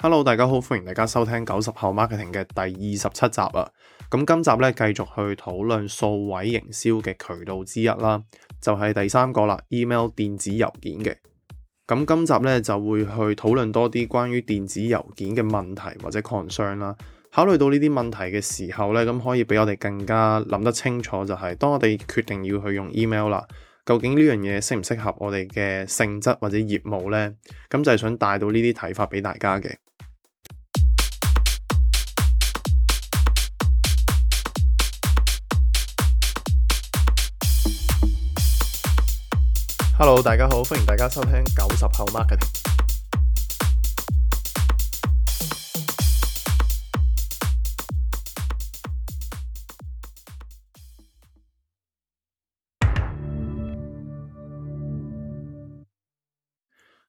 Hello，大家好，歡迎大家收聽九十後 marketing 嘅第二十七集啦。咁今集咧繼續去討論數位營銷嘅渠道之一啦，就係、是、第三個啦，email 電子郵件嘅。咁今集咧就會去討論多啲關於電子郵件嘅問題或者 concern 啦。考慮到呢啲問題嘅時候咧，咁可以俾我哋更加諗得清楚、就是，就係當我哋決定要去用 email 啦，究竟呢樣嘢適唔適合我哋嘅性質或者業務咧？咁就係想帶到呢啲睇法俾大家嘅。Hello，大家好，歡迎大家收聽九十後 Marketing。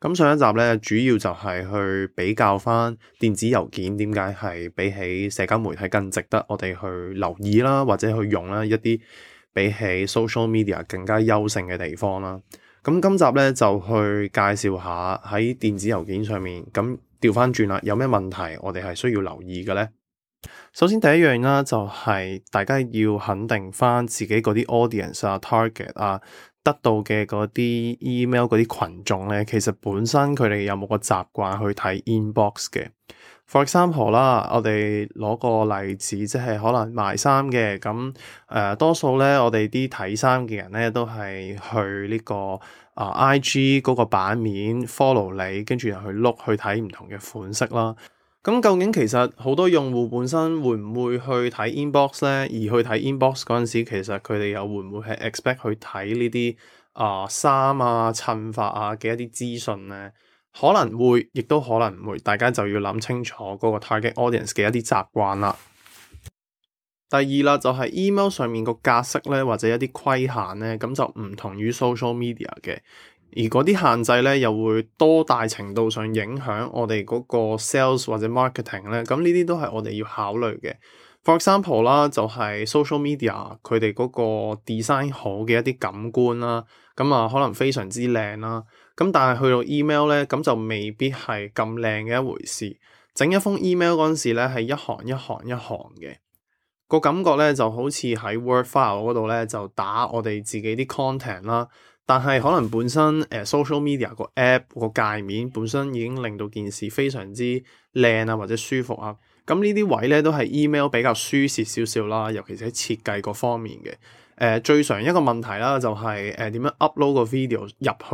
咁 上一集咧，主要就係去比較翻電子郵件點解係比起社交媒體更值得我哋去留意啦，或者去用啦一啲比起 social media 更加優勝嘅地方啦。咁今集呢就去介紹下喺電子郵件上面，咁調返轉啦，有咩問題我哋係需要留意嘅呢？首先第一樣啦，就係大家要肯定返自己嗰啲 audience 啊、target 啊。得到嘅嗰啲 email 嗰啲群眾咧，其實本身佢哋有冇個習慣去睇 inbox 嘅？For example 啦，我哋攞個例子，即係可能賣衫嘅咁，誒多數咧我哋啲睇衫嘅人咧，都係去呢、這個啊、呃、IG 嗰個版面 follow 你，跟住又去 look 去睇唔同嘅款式啦。咁究竟其實好多用戶本身會唔會去睇 inbox 咧？而去睇 inbox 嗰陣時，其實佢哋又會唔會係 expect 去睇，呃啊啊、呢啲啊衫啊襯法啊嘅一啲資訊咧？可能會，亦都可能唔會，大家就要諗清楚嗰個 target audience 嘅一啲習慣啦。第二啦，就係、是、email 上面個格式咧，或者一啲規限咧，咁就唔同於 social media 嘅。而嗰啲限制咧，又會多大程度上影響我哋嗰個 sales 或者 marketing 咧？咁呢啲都係我哋要考慮嘅。For example 啦，就係 social media 佢哋嗰個 design 好嘅一啲感官啦，咁啊可能非常之靚啦。咁但係去到 email 咧，咁就未必係咁靚嘅一回事。整一封 email 嗰陣時咧，係一行一行一行嘅，個感覺咧就好似喺 word file 嗰度咧，就打我哋自己啲 content 啦。但係可能本身誒 social media 個 app 個界面本身已經令到件事非常之靚啊，或者舒服啊，咁呢啲位咧都係 email 比較舒適少少啦，尤其是喺設計嗰方面嘅誒、呃、最常一個問題啦，就係誒點樣 upload video，個 video 入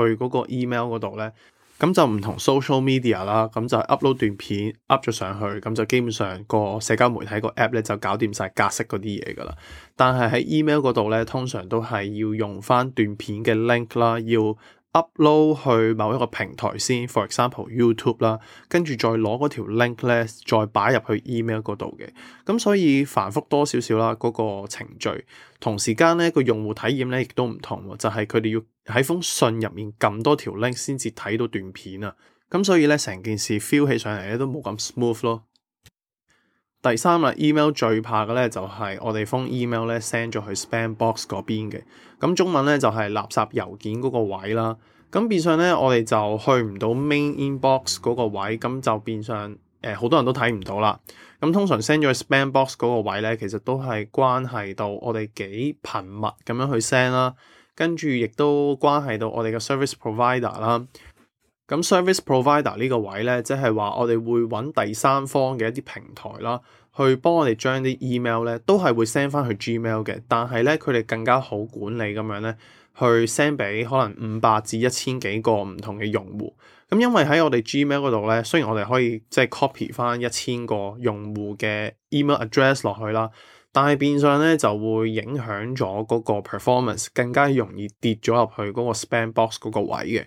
去嗰個 email 度咧？咁就唔同 social media 啦，咁就 upload 段片 upload 咗上去，咁就基本上個社交媒體個 app 咧就搞掂晒格式嗰啲嘢噶啦。但係喺 email 嗰度咧，通常都係要用翻段片嘅 link 啦，要。Upload 去某一個平台先，for example YouTube 啦，跟住再攞嗰條 link 咧，再擺入去 email 嗰度嘅，咁所以繁複多少少啦，嗰個程序，同時間咧個用戶體驗咧亦都唔同，就係佢哋要喺封信入面撳多條 link 先至睇到段片啊，咁所以咧成件事 feel 起上嚟咧都冇咁 smooth 咯。第三啦，email 最怕嘅咧就係、是、我哋封 email 咧 send 咗去 spam box 嗰邊嘅，咁中文咧就係、是、垃圾郵件嗰個位啦。咁變相咧，我哋就去唔到 main inbox 嗰個位，咁就變相誒好、呃、多人都睇唔到啦。咁通常 send 咗去 spam box 嗰個位咧，其實都係關係到我哋幾頻密咁樣去 send 啦，跟住亦都關係到我哋嘅 service provider 啦。咁 service provider 呢個位呢，即係話我哋會揾第三方嘅一啲平台啦，去幫我哋將啲 email 呢都係會 send 翻去 Gmail 嘅。但係呢，佢哋更加好管理咁樣呢，去 send 俾可能五百至一千幾個唔同嘅用戶。咁因為喺我哋 Gmail 度呢，雖然我哋可以即係 copy 翻一千個用戶嘅 email address 落去啦，但係變相呢，就會影響咗嗰個 performance，更加容易跌咗入去嗰個 spam box 嗰個位嘅。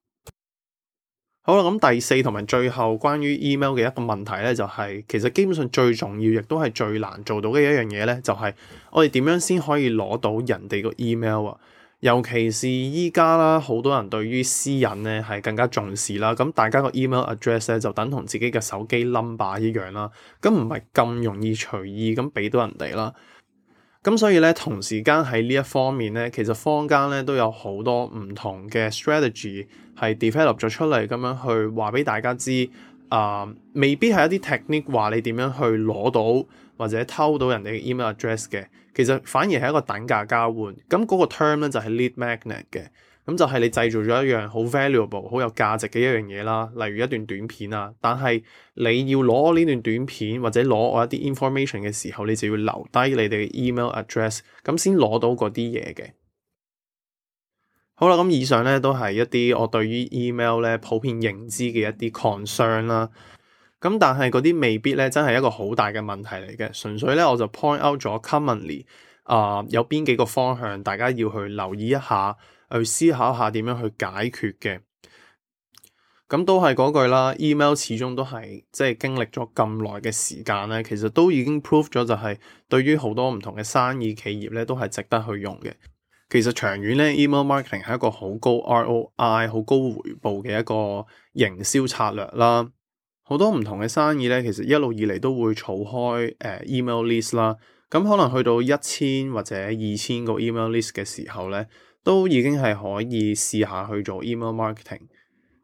好啦，咁第四同埋最後關於 email 嘅一個問題咧，就係、是、其實基本上最重要，亦都係最難做到嘅一樣嘢咧，就係、是、我哋點樣先可以攞到人哋個 email 啊？尤其是依家啦，好多人對於私隱咧係更加重視啦。咁大家個 email address 咧就等同自己嘅手機 number 一樣啦，咁唔係咁容易隨意咁俾到人哋啦。咁所以咧，同時間喺呢一方面咧，其實坊間咧都有好多唔同嘅 strategy 係 develop 咗出嚟，咁樣去話俾大家知，啊、呃，未必係一啲 technique 話你點樣去攞到或者偷到人哋 email address 嘅，其實反而係一個等價交換，咁嗰個 term 咧就係 lead magnet 嘅。咁就係你製造咗一樣好 valuable、好有價值嘅一樣嘢啦，例如一段短片啊。但係你要攞呢段短片或者攞我一啲 information 嘅時候，你就要留低你哋嘅 email address，咁先攞到嗰啲嘢嘅。好啦，咁以上咧都係一啲我對於 email 咧普遍認知嘅一啲 concern 啦。咁但係嗰啲未必咧真係一個好大嘅問題嚟嘅，純粹咧我就 point out 咗 commonly 啊、呃，有邊幾個方向大家要去留意一下。去思考下點樣去解決嘅，咁都係嗰句啦。Email 始終都係即係經歷咗咁耐嘅時間咧，其實都已經 prove 咗就係對於好多唔同嘅生意企業咧，都係值得去用嘅。其實長遠咧，email marketing 係一個好高 ROI、好高回報嘅一個營銷策略啦。好多唔同嘅生意咧，其實一路以嚟都會儲開誒、uh, email list 啦。咁可能去到一千或者二千個 email list 嘅時候咧，都已經係可以試下去做 email marketing。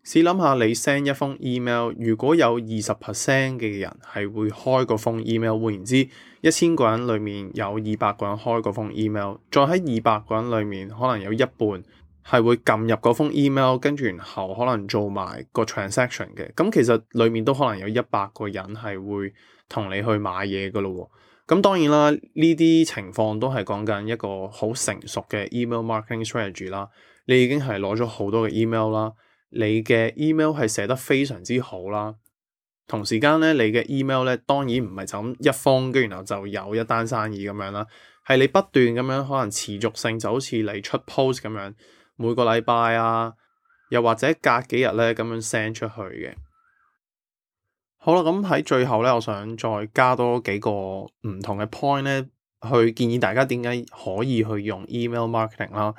試諗下，你 send 一封 email，如果有二十 percent 嘅人係會開個封 email，換言之，一千個人裏面有二百個人開個封 email，再喺二百個人裏面，可能有一半係會撳入嗰封 email，跟住然後可能做埋個 transaction 嘅。咁其實裏面都可能有一百個人係會同你去買嘢噶咯。咁當然啦，呢啲情況都係講緊一個好成熟嘅 email marketing strategy 啦。你已經係攞咗好多嘅 email 啦，你嘅 email 係寫得非常之好啦。同時間咧，你嘅 email 咧當然唔係就咁一封跟，然後就有一單生意咁樣啦。係你不斷咁樣可能持續性，就好似你出 post 咁樣，每個禮拜啊，又或者隔幾日咧咁樣 send 出去嘅。好啦，咁喺最後咧，我想再加多幾個唔同嘅 point 咧，去建議大家點解可以去用 email marketing 啦。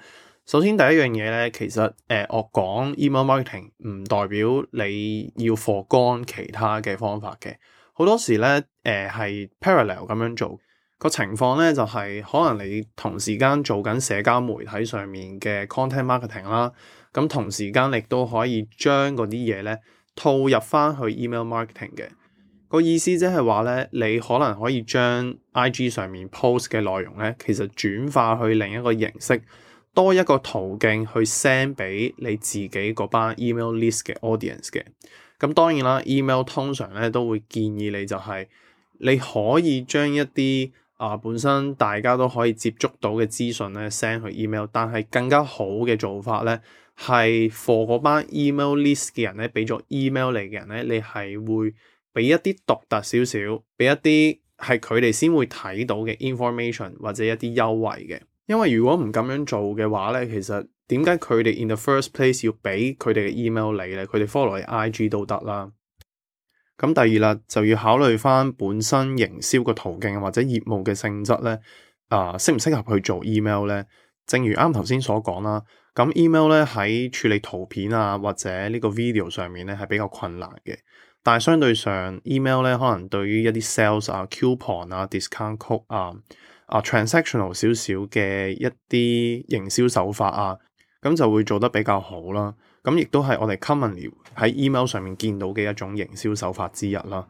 首先第一樣嘢咧，其實誒、呃，我講 email marketing 唔代表你要放乾其他嘅方法嘅。好多時咧，誒、呃、係 parallel 咁樣做個情況咧，就係、是、可能你同時間做緊社交媒體上面嘅 content marketing 啦，咁同時間亦都可以將嗰啲嘢咧。套入翻去 email marketing 嘅、個意思，即係話咧，你可能可以將 IG 上面 post 嘅內容咧，其實轉化去另一個形式，多一個途徑去 send 俾你自己嗰班 email list 嘅 audience 嘅。咁當然啦，email 通常咧都會建議你就係、是、你可以將一啲啊、呃、本身大家都可以接觸到嘅資訊咧 send 去 email，但係更加好嘅做法咧。係 for 嗰班 email list 嘅人咧，俾咗 email 你嘅人咧，你係會俾一啲獨特少少，俾一啲係佢哋先會睇到嘅 information 或者一啲優惠嘅。因為如果唔咁樣做嘅話咧，其實點解佢哋 in the first place 要俾佢哋嘅 email 你咧？佢哋 follow 你 IG 都得啦。咁第二啦，就要考慮翻本身營銷嘅途徑或者業務嘅性質咧，啊適唔適合去做 email 咧？正如啱頭先所講啦。咁 email 咧喺處理圖片啊或者呢個 video 上面咧係比較困難嘅，但係相對上 email 咧可能對於一啲 sales 啊 coupon 啊 discount code 啊啊，啊 transactional 少少嘅一啲營銷手法啊，咁就會做得比較好啦。咁亦都係我哋 commonly 喺 email 上面見到嘅一種營銷手法之一啦。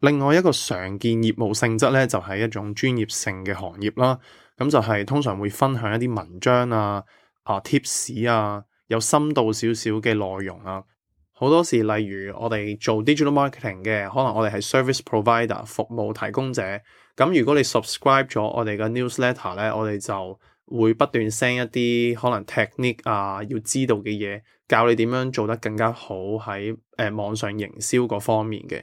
另外一個常見業務性質咧就係、是、一種專業性嘅行業啦，咁就係通常會分享一啲文章啊。啊 tips 啊，有深度少少嘅內容啊，好多時例如我哋做 digital marketing 嘅，可能我哋係 service provider 服務提供者，咁如果你 subscribe 咗我哋嘅 newsletter 咧，我哋就會不斷 send 一啲可能 technique 啊，要知道嘅嘢，教你點樣做得更加好喺誒、呃、網上營銷嗰方面嘅，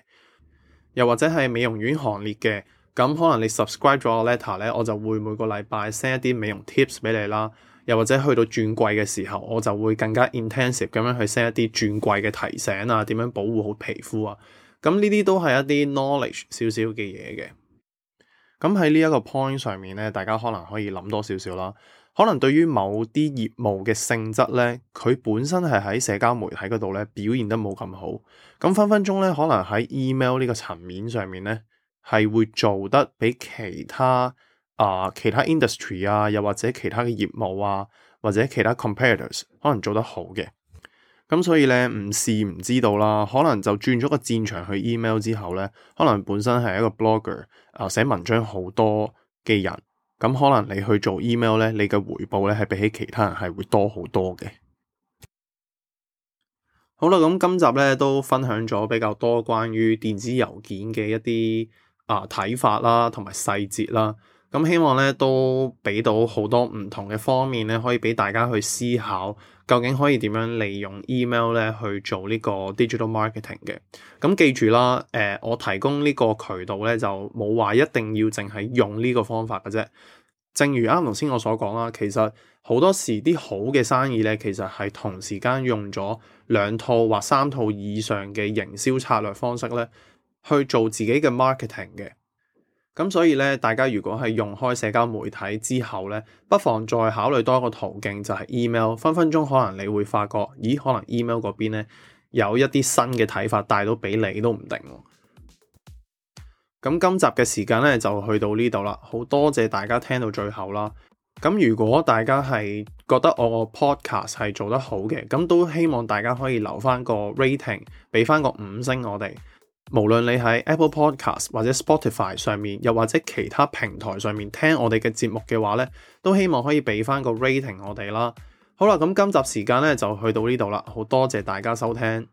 又或者係美容院行列嘅，咁可能你 subscribe 咗個 letter 咧，我就會每個禮拜 send 一啲美容 tips 俾你啦。又或者去到轉季嘅時候，我就會更加 intensive 咁樣去 set 一啲轉季嘅提醒啊，點樣保護好皮膚啊，咁呢啲都係一啲 knowledge 少少嘅嘢嘅。咁喺呢一個 point 上面咧，大家可能可以諗多少少啦。可能對於某啲業務嘅性質咧，佢本身係喺社交媒體嗰度咧表現得冇咁好。咁分分鐘咧，可能喺 email 呢個層面上面咧，係會做得比其他。啊，uh, 其他 industry 啊，又或者其他嘅業務啊，或者其他 competitors 可能做得好嘅。咁所以呢，唔試唔知道啦，可能就轉咗個戰場去 email 之後呢，可能本身係一個 blogger 啊，寫文章好多嘅人，咁可能你去做 email 呢，你嘅回報呢係比起其他人係會多好多嘅。好啦，咁今集呢都分享咗比較多關於電子郵件嘅一啲啊睇法啦，同埋細節啦。咁希望咧都俾到好多唔同嘅方面咧，可以俾大家去思考，究竟可以點樣利用 email 咧去做呢個 digital marketing 嘅。咁記住啦，誒、呃，我提供呢個渠道咧，就冇話一定要淨係用呢個方法嘅啫。正如啱頭先我所講啦，其實好多時啲好嘅生意咧，其實係同時間用咗兩套或三套以上嘅營銷策略方式咧，去做自己嘅 marketing 嘅。咁所以咧，大家如果係用開社交媒體之後咧，不妨再考慮多一個途徑，就係 email。分分鐘可能你會發覺，咦，可能 email 嗰邊咧有一啲新嘅睇法帶到俾你都唔定。咁今集嘅時間咧就去到呢度啦，好多謝大家聽到最後啦。咁如果大家係覺得我個 podcast 係做得好嘅，咁都希望大家可以留翻個 rating，俾翻個五星我哋。無論你喺 Apple Podcast 或者 Spotify 上面，又或者其他平台上面聽我哋嘅節目嘅話呢，都希望可以俾翻個 rating 我哋啦。好啦，咁今集時間呢就去到呢度啦，好多謝大家收聽。